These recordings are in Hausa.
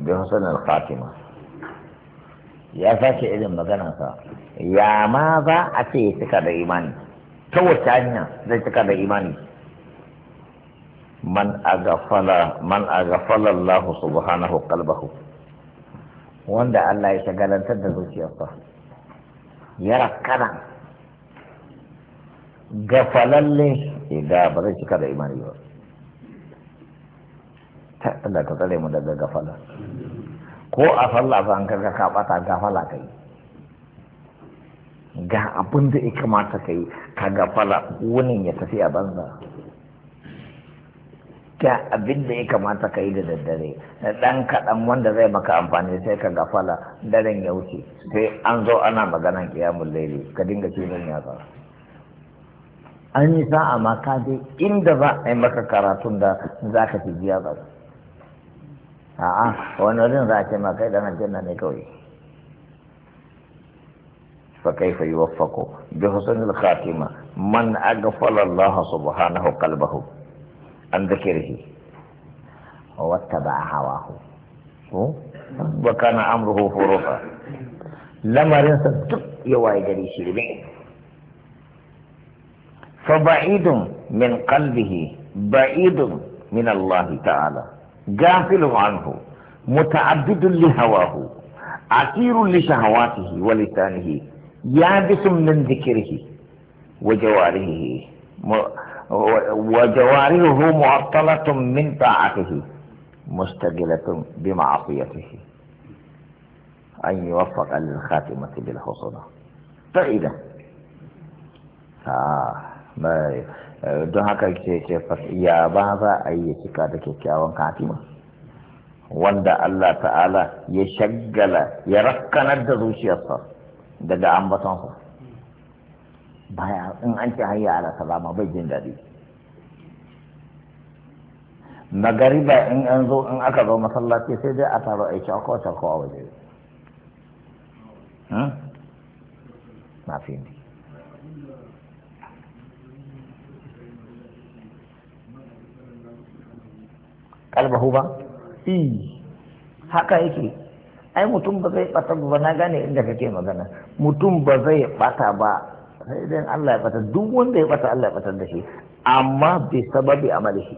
bi hasanar fatima ya sake irin sa, ya ma za a ce ya cika da imani ta wacce hanya zai cika da imani man a man Allah subhanahu qalbahu wanda Allah ya shagalantar da zuciyarsa ya rakkana gafalalle idan ba zai cika da imani ba ta Allah ta tsare mu daga gafala ko a sallah fa an karka ka bata gafala kai ga abin da ya kamata kai ka gafala wunin ya tafi a banza ga abin da ya kamata ka yi da daddare ɗan kaɗan wanda zai maka amfani sai ka gafala daren ya wuce sai an zo ana maganan kiyamun laili ka dinga ya yatsa an yi sa'a ma ka inda za a yi maka karatun da za ka ci a'a wani wurin za a ce ma kai dan aljanna ne kawai fa kaifa yuwaffaqu bi husnil khatima man aghfala Allah subhanahu qalbahu an dhikrihi wa wattaba hawahu ko wa kana amruhu furuta lamarin sa duk ya waye gari shi ne fa ba'idun min qalbihi ba'idun min Allah ta'ala غافل عنه متعدد لهواه عسير لشهواته ولسانه يابس من ذكره وجواره وجوارحه معطلة من طاعته مشتغلة بمعصيته أن يوفق للخاتمة بالحسنى فإذا طيب آه ما don haka ke ce ya ba za a yi ya cika da kyakkyawan katima wanda Allah ta'ala ya shaggala ya rakkanar da zuciyarsa daga ambatonsa baya in an ce hayya ala salama bai jin daɗi ba in an zo in aka zo masallaci sai dai a taro aiki a kowace kowa waje hmm? na fi kalbahu ba i haka yake ai mutum ba zai bata ba na gane inda kake magana mutum ba zai bata ba sai idan Allah ya bata duk wanda ya bata Allah ya bata da shi amma bi sababi amalihi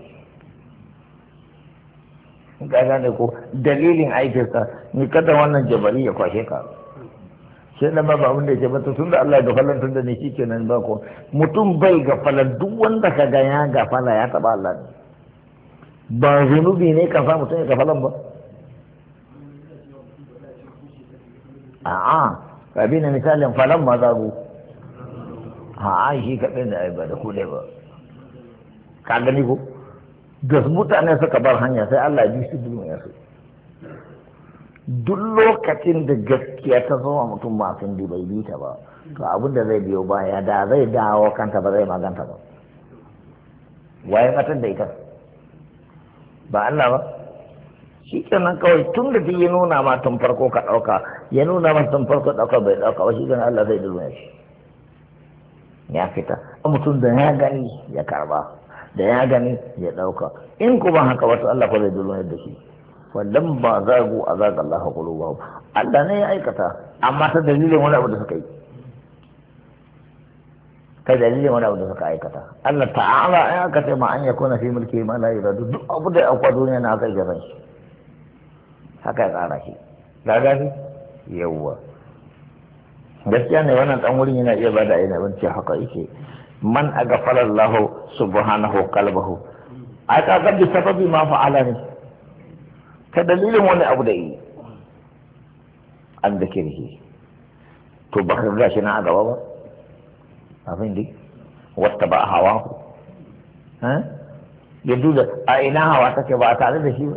ka gane ko dalilin aikinsa ni kada wannan jabari ya kwashe ka sai na ba wanda da ya bata tun da Allah ya gafalar tun da ne shi kenan ba ko mutum bai gafalar duk wanda ka ga ya gafala ya taba Allah ne ba zunubi ne kan sa mutum ya kafalan ba a'a bi na misalin falon ma zagu a'a shi kaɗai da ba da kuɗe ba ka gani ko da mutane suka bar hanya sai Allah ya bi su duniya su duk lokacin da gaskiya ta zama mutum ba sun bai bi ta ba to abin da zai biyo baya da zai dawo kanta ba zai maganta ba waye matan da ita ba Allah ba shi kenan kawai tun da ya nuna ma tun farko ka ɗauka ya nuna ma tun farko ɗauka bai ɗauka ba shi kenan Allah zai ya shi ya fita a mutum da ya gani ya karba da ya gani ya ɗauka in ku ba haka wasu Allah ko zai dulme da shi wallan ba zagu a zaga Allah ba? Allah ne ya aikata amma ta dalilin wani abu da suka yi kai dalilin wani abu da suka aikata Allah ta'ala ya aka ce ma an ya kona fi mulki ma la yuradu duk abu da akwai duniya na kai gaban shi haka ya tsara shi da gashi yawwa gaskiya ne wannan dan wurin yana iya bada ina ce haka yake man aga Allah subhanahu qalbahu ai ka ga sababi ma fa'ala ne ta dalilin wani abu da yi an da kirki to baka gashi na a gaba ba abin dai wata ba hawa ku? ya duba a ina hawa take ba tare da shi ba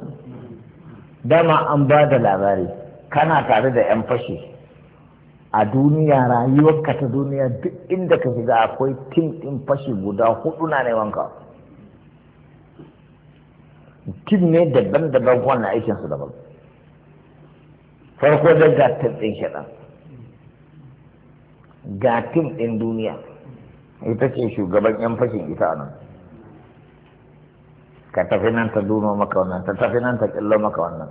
dama an ba da labari kana tare da 'yan fashi a ah, duniya ka ta duniya duk inda ka shiga akwai tim din fashi guda hudu na neman wanka tim ne daban-daban wannan su daban farko da ga din ɗin shaɗan ga tim duniya ita ce shugaban yan fashin ita nan ka tafi nan ta duno maka wannan ta tafi nan ta killo maka wannan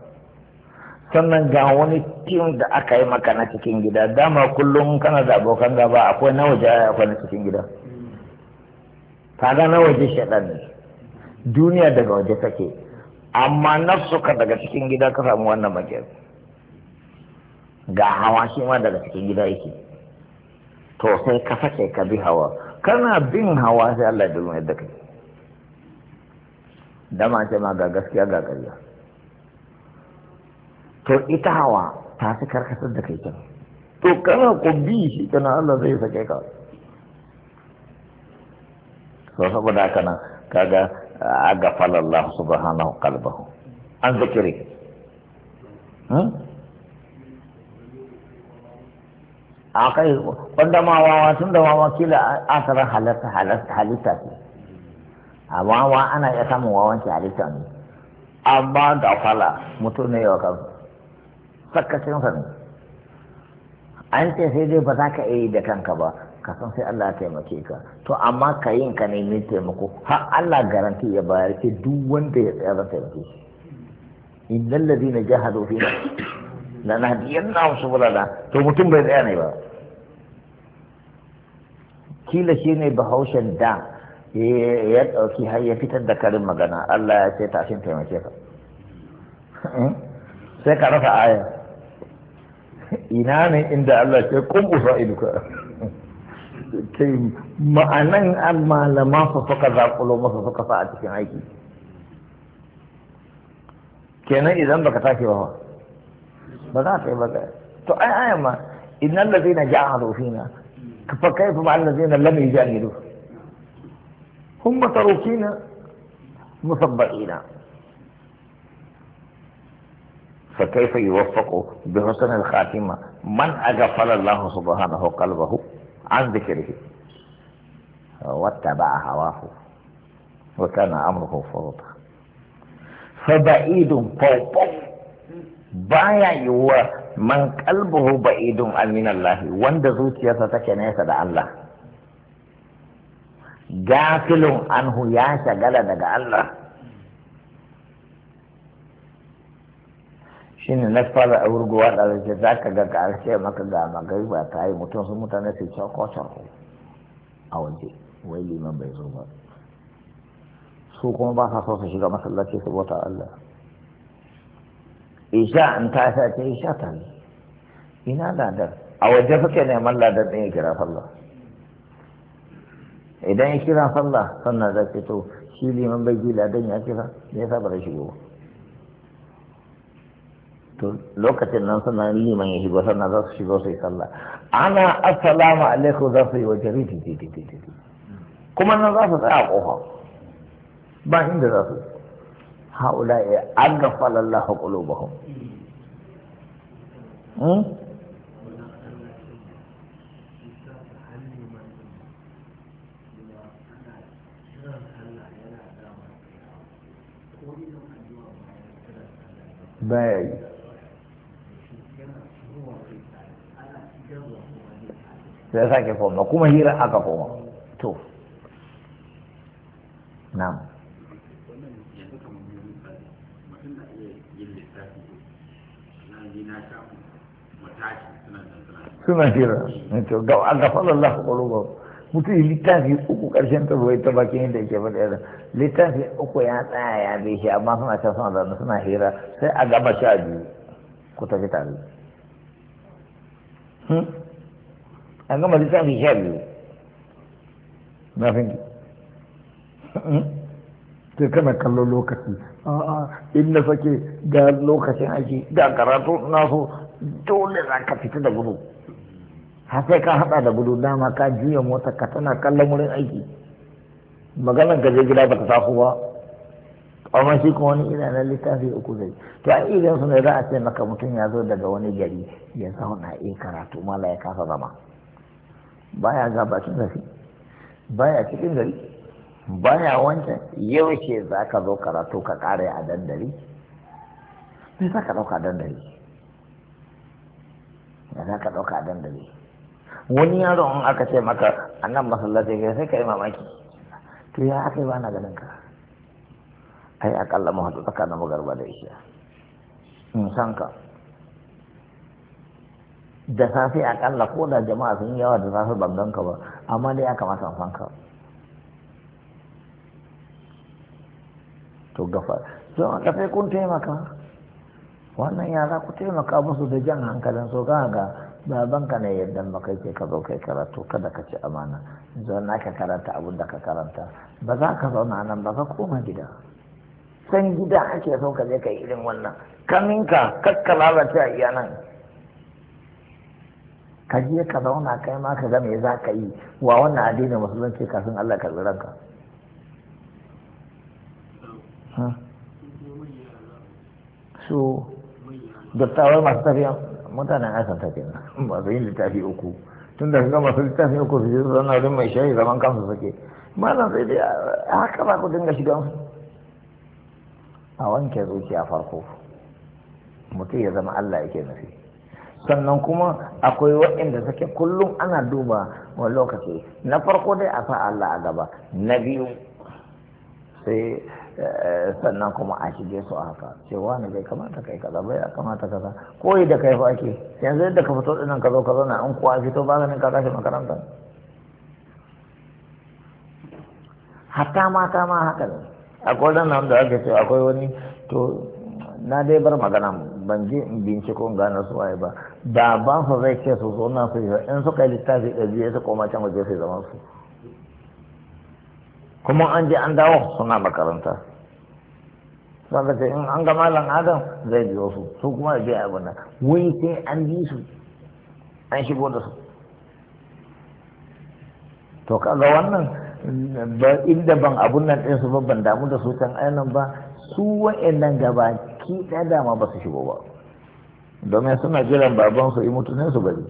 sannan ga wani tim da aka yi maka na cikin gida dama kullum kana da abokan gaba akwai na waje akwai na cikin gida kaga na waje shaɗan ne duniya daga waje take amma ka daga cikin gida ka samu wannan makiyar ga hawa shi ma daga cikin gida yake to sai ka sake ka bi hawa kana bin hawa sai Allah ya dulma yadda kai dama ce ma ga gaskiya ga ƙarya to ita hawa ta fi karkasar da kai can to kana ku bi shi kana Allah zai sake ka so saboda haka nan kaga a gafalar Allah subhanahu qalbahu an zikiri hmm? a kai wanda ma wawa tun da wawa kila a halatta halitta halitta ce a wawa ana iya samun wawan ki halitta ne amma da fala mutum ne yau kan sakacin sa ne an ce sai dai ba za ka iya da kanka ba ka san sai Allah ya taimake ka to amma ka yin ka ne taimako har Allah garanti ya bayar ke duk wanda ya tsaya zan taimake shi innal ladina na. fina da na hadiyar na musu bulala to mutum bai tsaya ne ba kila shi ne bahaushen da ya ɗauki har ya fitar da karin magana Allah ya ce tashin taimake hmm? ka sai ka rasa aya ina ne inda Allah ce kun usa iduka ma'anan an malama su suka zaƙulo masa suka sa a cikin aiki kenan idan baka tashi ba مدافع إيه بدأ تو اي اي اما ان الذين جاهدوا فينا فكيف مع الذين لم يجاهدوا هم تروكين مصبعين فكيف يوفق بحسن الخاتمة من أغفل الله سبحانه قلبه عن ذكره واتبع هواه وكان أمره فرطا فبعيد فوق baya yiwuwa man kalbuhu ba'idun aminallahi wanda zuciyarsa take nesa da Allah gafilun anhu ya shagala daga Allah shine na fara wurguwa da zai ka ga karshe maka ga magai ba ta yi mutum sun mutane su cako a waje wai liman bai zo ba su kuma ba sa so su shiga masallaci su bauta Allah isha in ta sha ta yi sha tani ina ladar a waje suke neman ladar ɗin ya kira sallah idan ya kira sallah sannan za fito shi liman bai ji ladan ya kira ne yasa ba zai shigo to lokacin nan sannan liman ya shigo sannan za su shigo su yi sallah ana assalamu alaikum za su yi waje riti kuma nan za su tsaya a kofa ba inda za su yi هؤلاء أغفل الله قلوبهم باي sai sake kuma hira aka koma to na'am suna hira to ga an gafa Allah mutu yi littafi uku karshen ta bai ta bakin ke yake faɗa yana littafi uku ya tsaya ya bi shi amma suna ta suna da suna hira sai a gaba sha biyu ku tafi tare hmm? an gama littafi sha biyu na fi hmm? to kana kallon lokaci a'a inda fake ga lokacin aiki da karatu na so dole za ka fita da gudu har ka hada da gudu dama ka juya mota ka tana kallon wurin aiki maganar ka gida baka taso ba amma shi kuma wani ina na littafi uku zai to a idan su ne za a ce maka mutum ya zo daga wani gari ya zauna a karatu mala ya kasa zama baya ga bakin gari baya cikin gari baya wancan ce za ka zo karatu ka kare a dandali me za ka ɗauka dandali me za ka ɗauka dandali wani yaro in aka ce maka a nan masallaci sai ka yi mamaki to ya aka yi ba na ganin ka ai akalla mu haɗu tsakanin magarba da isha in san ka da safe akalla ko da jama'a sun yawa da safe ban ka ba amma dai ya kamata in san ka to gafa don a sai kun taimaka wannan yara ku taimaka musu da jan hankalin so ga ga babanka ne yadda maka yake ka zo kai karatu kada ka ci amana na ka karanta abin da ka karanta ba za ka zauna nan ba ka koma gida san gida ake so ka je kai irin wannan kaminka kakka lalace a iya nan ka je ka zauna kai ma ka ga me za ka yi wa wannan addinin musulunci kafin Allah ka ka su dattawar masu tafiya mutanen asan tafiya masu yin littafi uku tun da gama su littafi uku su yi zana rin mai shayi zaman kansu suke malam sai dai haka ba ku dinga shigan a wanke zuciya farko mutum ya zama Allah yake nufi sannan kuma akwai waɗanda suke kullum ana duba wa lokaci na farko dai a sa Allah a gaba na biyu sai Eh, sannan kuma a shige su a haka cewa ne bai kamata kai kaza bai kamata kaza koyi da kai fa ke yanzu yadda ka fito dinan ka zo ka zauna in kuwa fito ba ganin ka kashi makaranta hatta mata ma haka ne akwai wani nan da ake cewa akwai wani to na dai bar magana ban je in binciko in gane su waye ba da ba su zai ce su zo na su in suka yi littafi da biyu su koma can waje su zaman su kuma an je an dawo suna makaranta zaka ce in hmm, an ga malam adam zai biyo su su kuma da biya abin wai sai an bi su an shigo da su to kaga wannan inda ban abun nan ɗinsu ba ban damu da su can ainihin ba su wa'annan gaba ki ɗaya dama ba su shigo ba domin suna jiran babansu yi mutunin su bari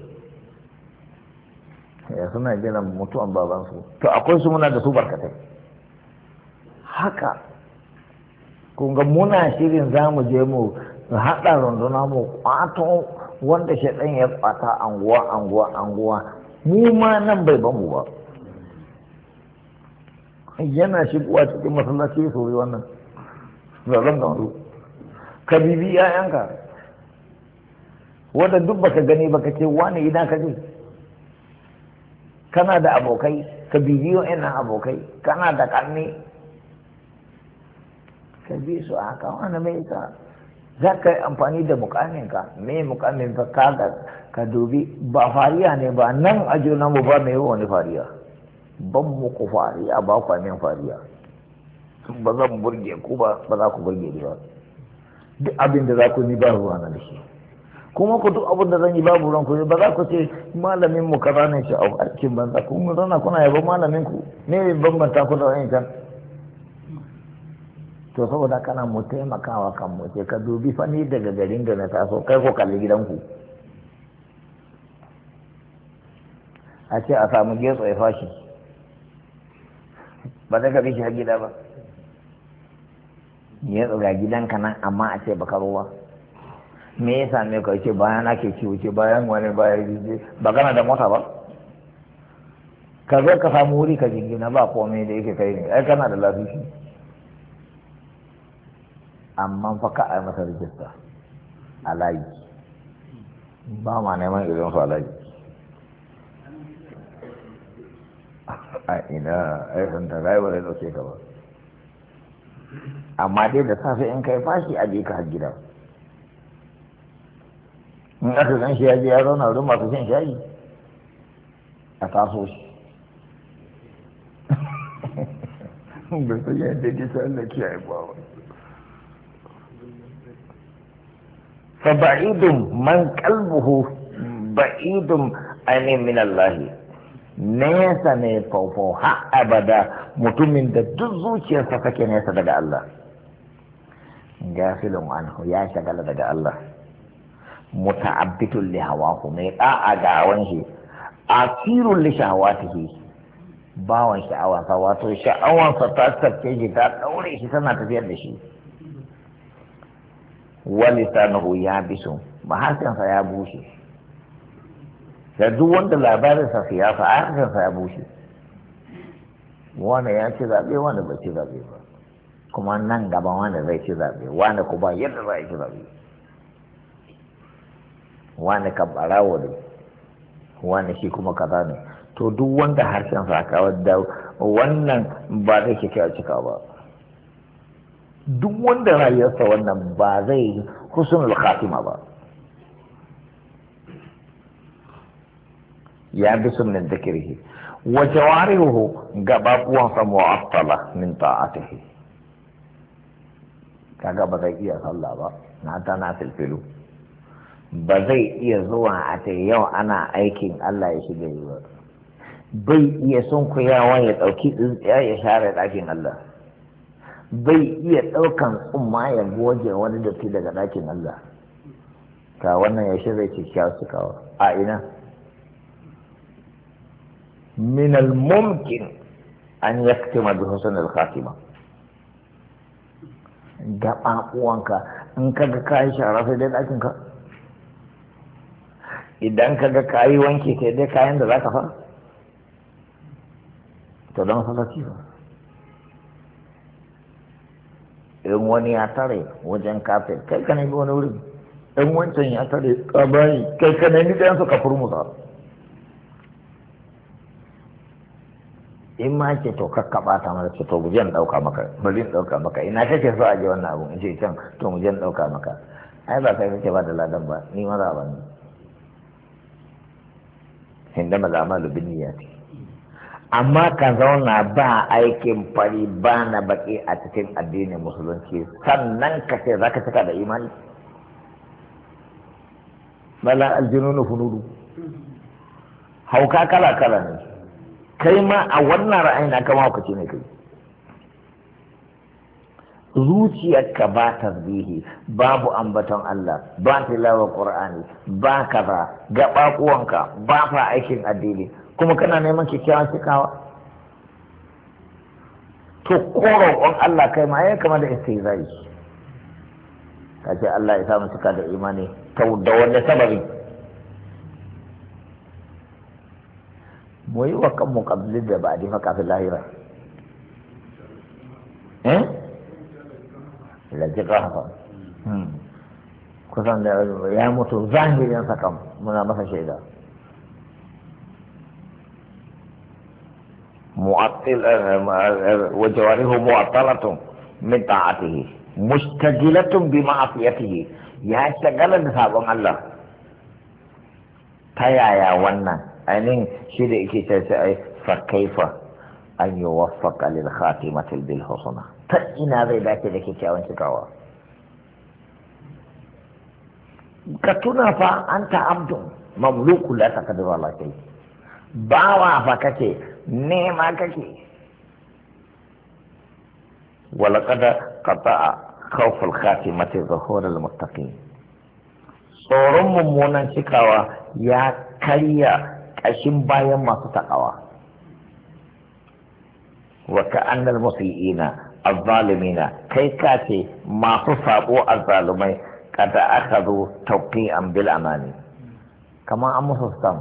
ya suna jiran mutuwan babansu to akwai su muna da su barkatai haka kunga muna shirin za mu je mu haɗa runduna mu kwato wanda shaɗan ya kwata anguwa anguwa anguwa mu ma nan bai bamu ba yana shigowa cikin masallaci su yi wannan zazen da wani ka bibi yayanka wanda duk baka gani baka ce wani idan ka je kana da abokai ka bibiyo ina abokai kana da ƙarni ka bi su a haka wani mai ka za ka yi amfani da mukamin ka me mukamin ka kaga ka dubi ba fariya ne ba nan a juna mu ba mai wani fariya ban muku fariya ba ku min fariya ba zan burge ku ba ba za ku burge ni ba duk abin da za ku yi ba ruwa na da shi kuma ku duk abin da zan yi babu ranku ba za ku ce malamin mu ka zane shi a cikin banza kuma zana kuna yabon malamin ku ne bambanta ku da wani kan to saboda kana mu taimakawa kan mu ce ka dubi fa ni daga garin da na taso kai ko kalli gidanku a ce a samu getso ya fashi ba zai ka bishi har gida ba ya tsoga gidanka nan amma a ce baka ruwa me ya same ka ce bayan ake ciwo ce bayan wani bayan jirgin ba kana da mota ba ka zo ka samu wuri ka jingina ba komai da yake kai ne ai kana da lafiya amma fa ka a masa rijista a layi ba ma neman irin su a layi a ina aikin ta rayuwa da zai dauke ka ba amma dai da safe in kai fashi a je ka har gida in aka san shi ya ya zauna wurin masu shan shayi a taso shi bai san yadda ya ce Allah kiyaye ba wani fa ba'idun man qalbuhu ba'idun ainihin min Allah nesa ne faufau ha abada mutumin da duk zuciyarsa take nesa daga Allah gafilun anhu ya shagala daga Allah muta'abbitun li hawahu mai da'a ga hawan asirun li shahawatihi bawan sha'awa wato sha'awansa ta sarke shi ta daure shi tana tafiyar da shi Wani sanahu ya bisu maharshensa ya bushe da duk wanda labarinsa siyasa a harshensa ya bushe wani ya ci zaɓe wani bai ci zaɓe ba kuma nan gaban wani zai ci zaɓe wani kuma yadda za a ci zaɓe wani ka ɓarawo ne wani shi kuma kaza ne to duk wanda harshensa a kawar da wannan ba zai kyau cika ba duk wanda rayuwarsa wannan ba zai husnul khatima ba ya bi sunnin dhikrihi wa jawarihu gababuwansa mu'attala min ta'atihi kaga ba zai iya sallah ba na ta na filfilu ba zai iya zuwa a ta yau ana aikin Allah ya shiga yi ba bai iya sunkuyawa ya ɗauki tsintsiya ya share ɗakin Allah bai iya ɗaukan tsumma ya goge wani datti daga ɗakin Allah ta wannan ya shirya kya su kawo a ina min al-mumkin an yaktima bi husn al-khatima gaba ɓaɓuwanka in kaga kayi shara sai dai ɗakin ka idan kaga kayi wanke sai dai kayan da za ka fa to don salati ba in wani ya tare wajen kafin kai ka nemi wani wurin in wancan ya tare bayi kai ka nemi ɗayan su kafur musa in ma ce to kakkaɓa ta mana ce to mu jan maka bari dauka maka ina ce so a ji wannan abu in ce can to mu jan maka ai ba kai kake ba da ladan ba ni maza ba ne hindama al'amalu bin niyyati amma ka zauna ba aikin fari ba na baki a cikin addinin musulunci sannan ka ce za ka cika da imani bala aljinu na funudu. hauka kala kala ne kai ma a wannan ra'ayin ka mahaukaci ne kai zuciyarka ba tasbihi babu ambaton Allah ba tilawar Qur'ani ba kaza ga bakuwanka ba fa aikin addini kuma kana neman kyakkyawan cikawa to ko roƙon Allah kai ma ya kama da istizai ka ce Allah ya samu cika da imani ta da wanda sababi mu yi wa kanmu kabli da ba a kafin lahira eh lajin rahafa hmm. kusan da ya mutu zahirin sakam muna masa shaida معطل وجوارحه معطلة من طاعته مستجلة بمعصيته يا شغل بسابق الله يا ونا أنين شيء كي فكيف أن يوفق للخاتمة بالحسنى تأينا ذي ذاك ذاك كيوان شكاوا كتنا فأنت عبد مملوك لا تقدر الله شيء باوا فكتي نيما ولقد قطع خوف الخاتمة ظهور المتقين صورم ممونا شكاوا يا كريا كشم بايا ما ستقوا وكأن المسيئين الظالمين كي كاتي ما تصابوا الظالمين قد أخذوا توقيعا بالأمان كما أمو سستم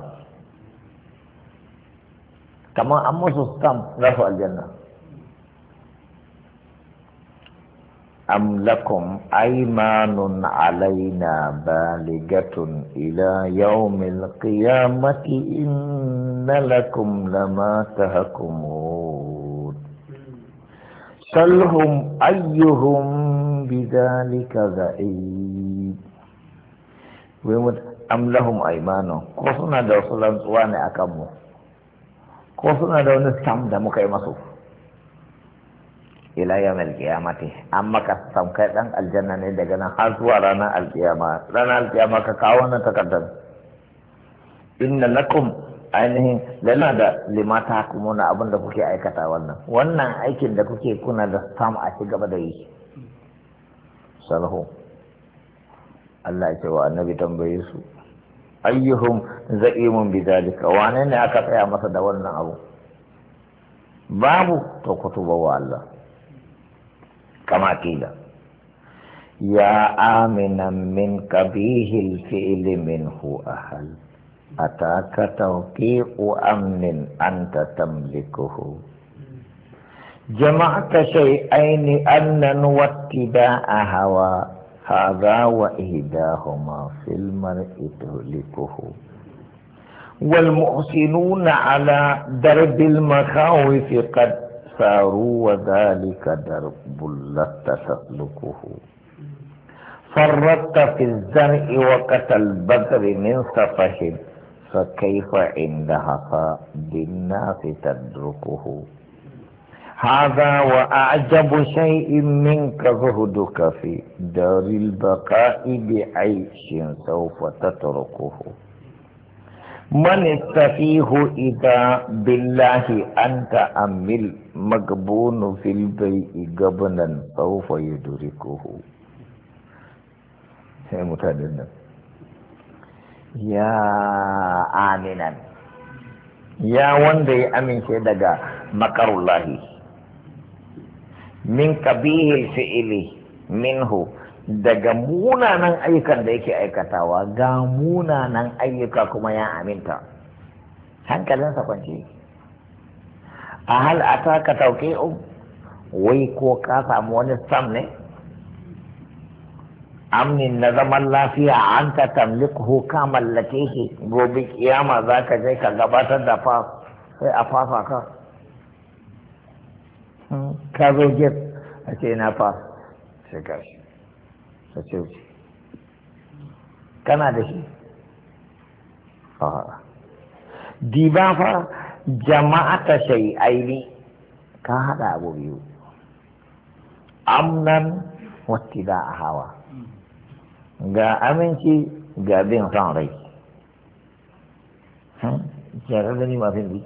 كما أمس السم دخل الجنة أم لكم أيمان علينا بالغة إلى يوم القيامة إن لكم لما تهكمون سلهم أيهم بذلك ذئيب ويقول أم لهم أيمان قصنا دوصلا سواني أكمل ko suna da wani sam da muka yi masu ila yawmal te. amma ka sam kai dan aljanna ne daga nan har zuwa ranar alkiyama ranar alkiyama ka kawo wannan takardar inna lakum ainihin lana da limata kuma na abin da kuke aikata wannan wannan aikin da kuke kuna da sam a ci gaba da yi salhu Allah ya ce wa annabi tambaye su ayyuhum za'imun zalika wane ne aka tsaya masa da wannan abu babu to kutuba wa Allah kama kila ya aminan min kabihil fi'li minhu ahal ataka tawqi'u amnin anta tamlikuhu jama'ta shay'aini annan wattida hawa هذا وإهداهما في المرء تهلكه والمحسنون على درب المخاوف قد ساروا وذلك درب اللت تسلكه فرطت في الزرع وقت البدر من صفه فكيف عندها فبالناس تدركه هذا وأعجب شيء منك زهدك في دار البقاء بعيش سوف تتركه من استفيه إذا بالله أنت أمل مقبون في البيء قبلا سوف يدركه هي متعددنا يا آمنا يا وندي أمن شيء مكر الله min kabihil fi'ili minhu daga munanan ayyukan da yake aikatawa ga munanan ayyuka kuma ya aminta hankalin kwance a hal a taka tauke wai ko ka samu wani sam ne amnin na zaman lafiya an ta tamliku ka mallake shi gobe kiyama za ka je ka gabatar da fa sai a fafa ka hmm. ka zo gif a ce na fa sai ka shi ta ce wuce kana da shi diba fa jama'a ta shai aini ka haɗa abu biyu amnan wata da a hawa ga aminci ga bin son rai jarar hmm? da ni mafi bi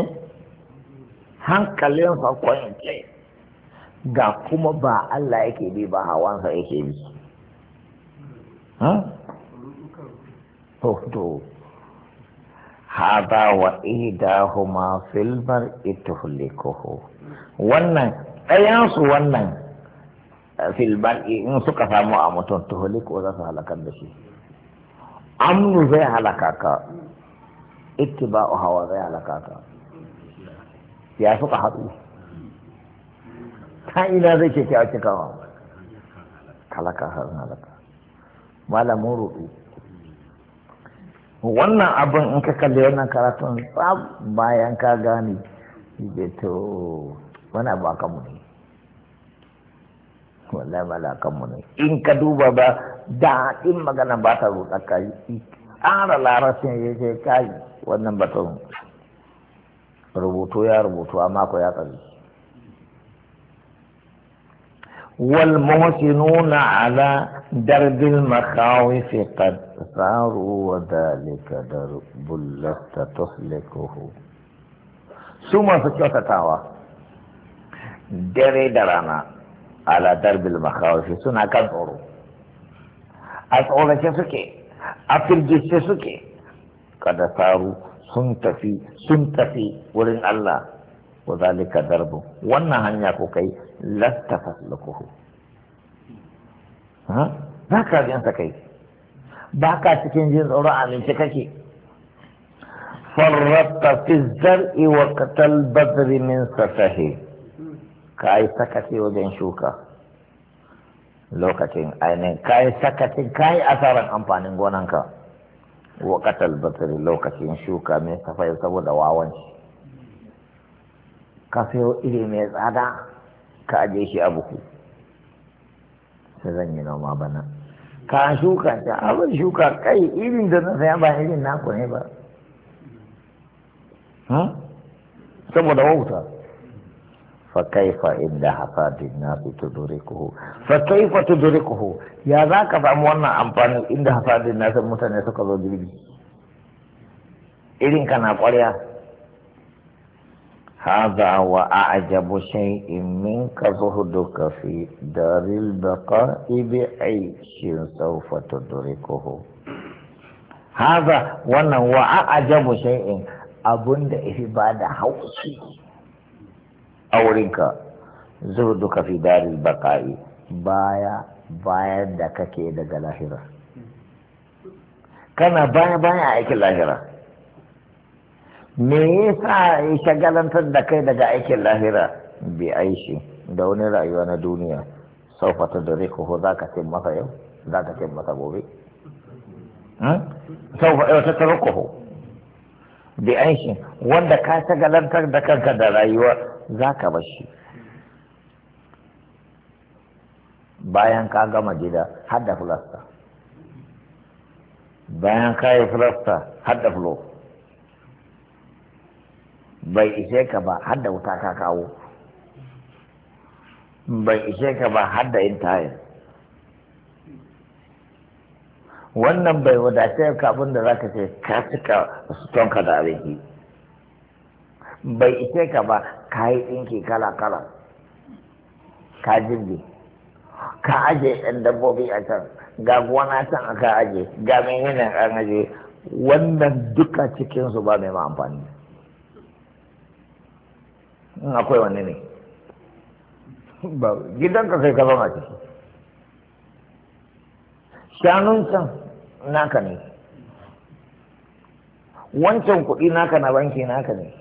eh? hankalinsa ke ga kuma ba Allah yake bi ba hawansa yake bi oh, to hada wa idahuma filmar ituhlikuhu wannan ɗayansu wannan eh, filmar in suka samu a mutum tuhuliku za su halakar da shi amnu zai halaka ka ittiba'u hawa zai halaka ka ya fi haɗu ta ina zai ce kyawa cikawa kalaka har halaka malamin rudu wannan abin in ka kalli wannan karatun tsab bayan ka gane to wani abu a kanmu ne wallahi mala kan ne in ka duba ba da in magana ba ta rudar yi ƙara larabcin ya ce kai wannan batun rubutu ya rubutu a mako ya tsari wal muhsinuna ala darbil makhawif qad saru wa dalika darbul latta tuhlikuhu su masu kyautatawa dare da rana ala darbil makhawif suna kan tsoro a tsorace suke a firgice suke kada saru sun tafi sun tafi wurin Allah wa zalika darbu wannan hanya ko kai lasta faslukuhu ha ba ka jin sa kai ba ka cikin jin a amince kake farrata fi zar'i wa qatal badri min safahi ka yi sakaci wajen shuka lokacin ainihin ka yi kai ka yi asarar amfanin gonanka wakatal batari lokacin shuka mai safai saboda wawanci ka sayo iri mai tsada ka aje shi a buhu sai zan yi noma bana ka shuka ta abin shuka kai irin da na saya ba irin naku ne ba saboda wauta fakaifa inda hafa da na su ta dore kuhu fakaifa ta dore ya za ka samu wannan amfani inda hafa da na su mutane suka zo jirgi irin ka na kwariya ha za wa a ajabu shan imin hudu ka fi daril da ka ibe aikin saufa ta dore kuhu wannan wa a ajabu shan in abinda ba da hausu a wurinka duka fi darin baqa'i baya bayan da kake daga lahira kana baya baya a aikin lahira me yasa ya shagalantar da kai daga aikin lahira bi aishi da wani rayuwa na duniya saufa ta zai kuhu za ka ce masa yau za ka ce masa gobe hmm? saufa yau eh, ta kuhu bi aishi wanda ka shagalantar da kanka da rayuwa za ka bashi bayan ka gama gida hada da filasta bayan ka yi filasta hada fulo bai ishe ka ba hada wuta ka kawo bai ishe ka ba hada intaye, wannan bai wadace ka abin da za ka ce ka cika sutonka da abinci bai ise ka ba ka yi ɗinki kala-kala ka jirgi ka aje ɗan dabbobi a can ga gwana can aka aje ga menene an aje wannan duka cikinsu ba mai ma amfani in akwai wani ne ba ka kai ka mace shanun can naka ne wancan kuɗi naka na banki naka ne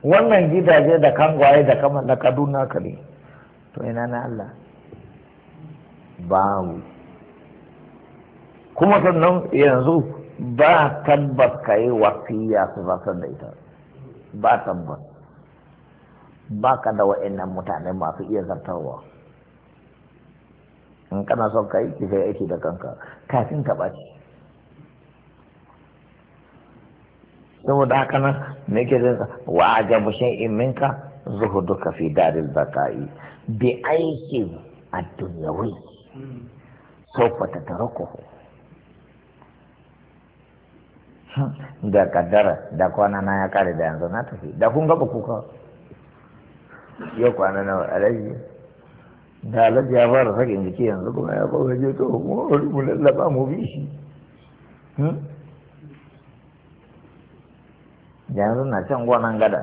wannan gidaje da kangwaye da kama da kaduna ka ne to ina na Allah bawu kuma sannan yanzu ba tabbas ka yi wasiya su zasar da ita ba tabbas ba ka da wa'annan mutane masu iya zartarwa in kana son ka yi ki aiki da kanka kafin ka ɓaci saboda haka nan me ke zai wa ajabu shay'in minka zuhuduka fi daril baqa'i bi aiki ad-dunyawi sawfa tatarukuhu hmm. da kaddara da kwana na ya kare da yanzu na tafi da kun gaba kuka yau kwana na alaji da alaji ya fara sakin jiki yanzu kuma ya fara je to mu lallaba mu bi shi hmm. yanzu na can gonan gada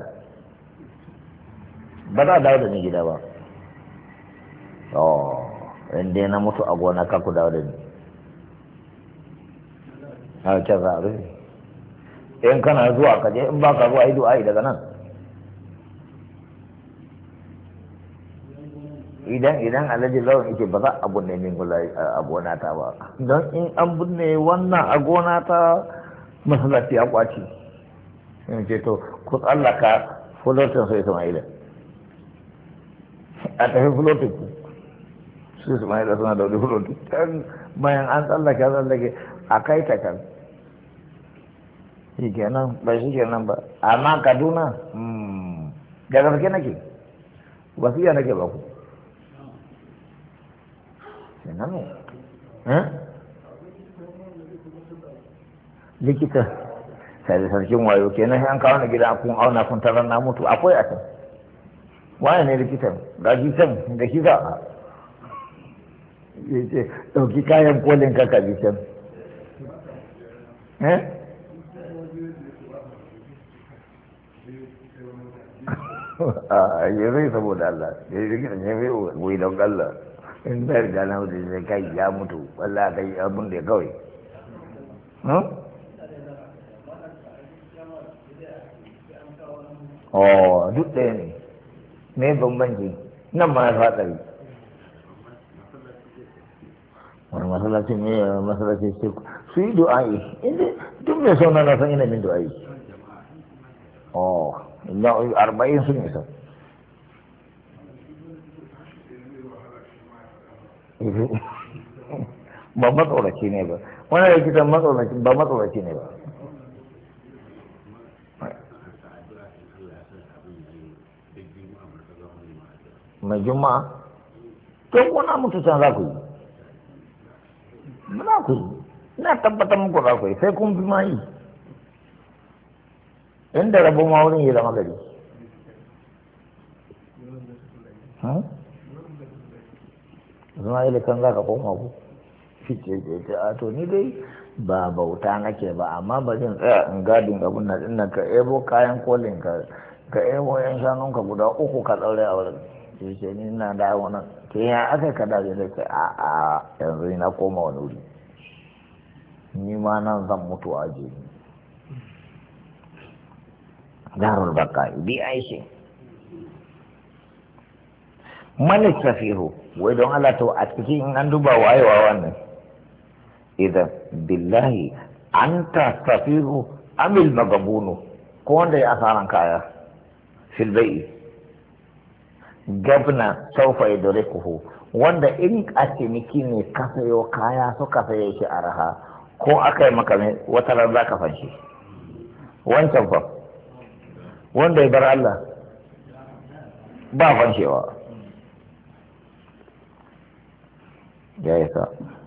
ba za dawo da ni gida ba oh inda dai na mutu a gona ka ku dawo da ni a can za rufe in kana zuwa ka je in ba ka zuwa eh, yi du'a'i daga nan idan idan alhaji lawan yake ba za a bunne min a gona ta ba don in an bunne wannan a gona ta masallaci a kwaci in ce to ku tsallaka fulotin su ismaila a tafi fulotin ku su ismaila suna da wani fulotin can bayan an tsallake an tsallake a kai ta kan shi kenan ba shi kenan ba amma kaduna hmm, da gaske nake wasiya nake ba ku kenan ne eh? likita sai da sarkin wayo kenan an kawo na gida kun auna kun tarar na mutu akwai a can waye ne likitan ga shi can ga shi za ya ce ɗauki kayan kolin ka ka bishan eh ah, ah, a yi zai saboda Allah ya yi likitan ya fi wai don Allah in bayar gana wajen zai kai ya mutu wallah kai abin da ya kawai hmm? oh duk ɗaya ne me bambanci nan ma ya faɗari wani masalaci ne masalaci ce su yi du'a'i inda duk mai sauna na san ina min du'a'i oh na arba'in sun isa ba matsoraci ne ba wani rikitan matsoraci ba matsoraci ne ba mai juma to ko na mutu can za ku yi muna ku yi ina tabbata muku za ku yi sai kun bi ma yi inda rabu ma wurin yi zama gari hmm? zama yi kan za ka koma ku fice ce ce a to ni dai ba bauta nake ba amma ba zan tsaya in gadin abun na dinnan ka ebo kayan kolin ka ka ebo yan ka guda uku ka daure a wurin sai ni na da wannan ke ya aka kada da ce a a yanzu na koma wani wuri ni ma nan zan mutu a je ni darul baka bi aishi man safihu wai don Allah to a cikin in an duba wayewa wannan idan billahi anta safihu amil magabunu ko wanda ya asaran kaya fil bai'i gabna saufa idrikuhu wanda in a ciniki ne ka sayo kaya suka saye shi raha, ko aka yi maka wata ran za ka fanshi wancan fa wanda ya bar Allah ba fanshewa ya yi sa